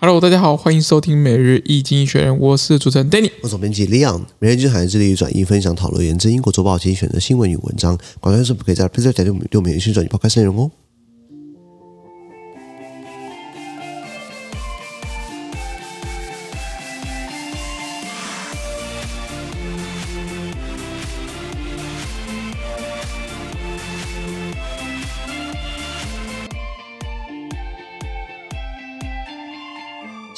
Hello，大家好，歡迎收聽每日一經濟學人，我是主持人 Danny，我是總編輯 Leon。每日精選致力於轉譯、分享討論研自英國《週報》精選的新聞與文章。廣告合作可以在 Facebook 點六六名資訊專區開設人哦。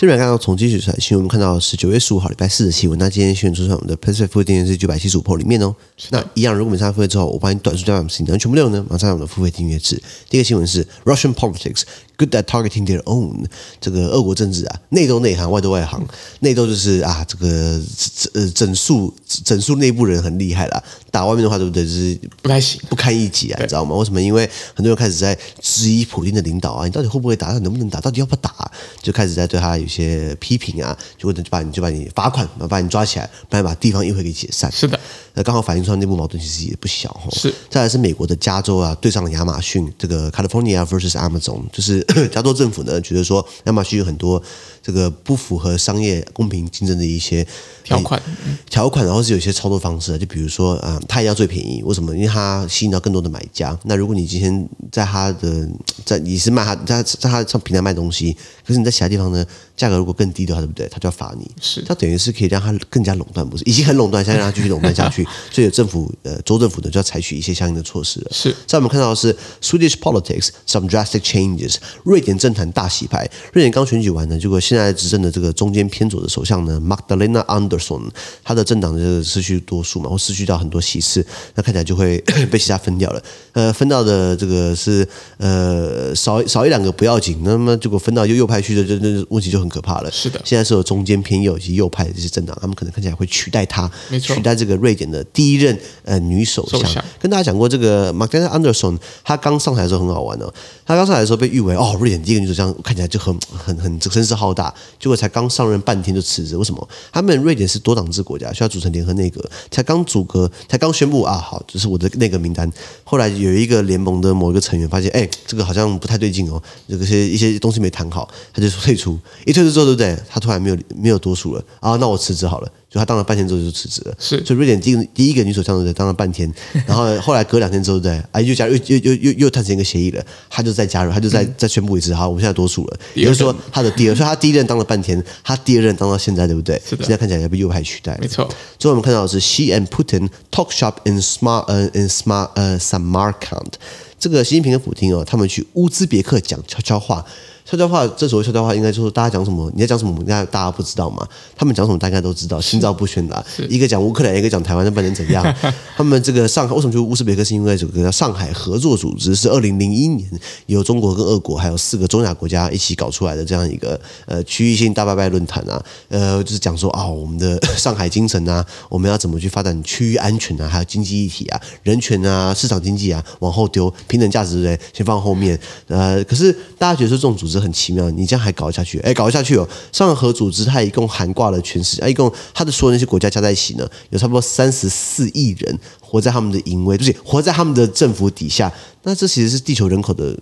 這邊看到從經濟學人出來的新聞，我們看到是九月十五號禮拜四的新聞。那今天新聞出場，我們的 PressPlay 付費訂閱是九百七十五 PO 裡面哦。的那一樣，如果你們上付費之後，我幫你短縮掉我們新聞全部內容呢，馬上上我們的付費訂閱制。第一個新聞是 Russian Politics。good at targeting their own 這個俄國政治啊，內鬥內行，外鬥外行。嗯、內鬥就是啊，這個整呃整數整數內部人很厲害了，打外面的話，對不對？就是不太行，不堪一擊啊，對你知道嗎？為什麼？因為很多人開始在質疑普丁的領導啊，你到底會不會打？他能不能打？到底要不要打、啊？就開始在對他有些批評啊，就或者就把你就把你罰款，把你抓起來，不然把地方議會給解散。是的，呃，剛好反映出來內部矛盾其實也不小哈、哦。是，再來是美國的加州啊，對上了亞馬遜這個 California versus Amazon，就是。加州政府呢，覺得說亞馬遜有很多這個不符合商業公平競爭的一些條款、嗯、條款，然後是有一些操作方式的，就比如說啊，他、也、要最便宜，為什麼？因為他吸引到更多的買家。那如果你今天在他的在你是賣他，在在他上平台賣東西，可是你在其他地方呢價格如果更低的話，對不對？他就要罰你。是，他等於是可以讓他更加壟斷，不是已經很壟斷，現在讓他繼續壟斷下去。 所以有政府呃州政府呢就要採取一些相應的措施了。是，在我們看到的是 Swedish politics 是 some drastic changes。瑞典政壇大洗牌，瑞典剛選舉完呢，結果現在執政的這個中間偏左的首相呢，Magdalena Andersson，他的政黨就是失去多數嘛，或失去掉很多席次，那看起來就會被其他分掉了。呃，分到的這個是呃少少一兩個不要緊，那麼結果分到就右派去的，這這這問題就很可怕了。是的，現在是有中間偏右以及右派的這些政黨，他們可能看起來會取代他，沒錯，取代這個瑞典的第一任呃女首相。首相，跟大家講過，這個 Magdalena Andersson，她剛上台的時候很好玩哦。她剛上台的時候被譽為哦。哦、瑞典第一個女首相這樣看起來就很很很這個聲勢浩大，結果才剛上任半天就辭職。為什麼？他們瑞典是多黨制國家，需要組成聯合內閣。才剛組閣，才剛宣布啊，好，這、就是我的內閣名單。後來有一個聯盟的某一個成員發現，哎，這個好像不太對勁哦，有些一些東西沒談好，他就說退出。一退出之後，對不對？他突然沒有沒有多數了啊，那我辭職好了。所以他當了半天之後就辭職了。是，所以瑞典第第一個女首相就當了半天，是然後後來隔兩天之後對，哎，又加入又又又又又談成，一個協議了，他就再加入，他就再再，嗯，宣布一次，好，我們現在多數了。也就是說，他的第二， 所以他第一任當了半天，他第二任當到現在，對不對？是，的現在看起來也被右派取代沒錯。最後我們看到的是 Xi and Putin talk shop in smart，uh, in smart 呃，uh, Samarkand。這個習近平和普丁哦，他們去烏茲別克講悄悄話。悄悄話，這所謂悄悄話，應該就是大家講什麼，你在講什麼，應該大家不知道嘛？他們講什麼，大家都知道，心照不宣的，啊一。一個講烏克蘭，一個講台灣，那不能怎樣？他們這個上海為什麼就烏茲別克？是因為這個叫上海合作組織，是二零零一年由中國跟俄國還有四個中亞國家一起搞出來的這樣一個呃區域性大拜拜論壇啊。呃，就是講說啊、哦，我們的上海精神啊，我們要怎麼去發展區域安全啊，還有經濟一體啊，人權啊，市場經濟啊，往後丟平等價值觀，先放後面。呃，可是大家覺得說這種組織。很奇妙，你這樣還搞下去？哎、欸，搞下去哦、喔！上合組織它一共涵蓋了全世界，啊、一共它的所有的那些國家加在一起呢，有差不多三十四億人活在他們的淫威，就是活在他們的政府底下。那這其實是地球人口的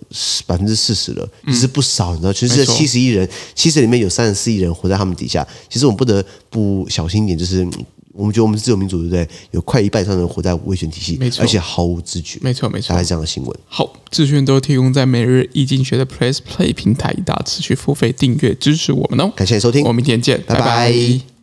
百分之四十了，其實不少，你知道，全世界七十億人，其實、嗯、裡面有三十四億人活在他們底下。其實我們不得不小心一點，就是。我們覺得我們是自由民主，對不對？有快一半以上人活在威權體系，沒錯，而且毫無知覺，沒錯沒錯。大概這樣的新聞。好，資訊都提供在每日一經濟學人的 PressPlay 平台，大家持續付費訂閱支持我們哦。感謝收聽，我們明天見，拜拜。拜拜。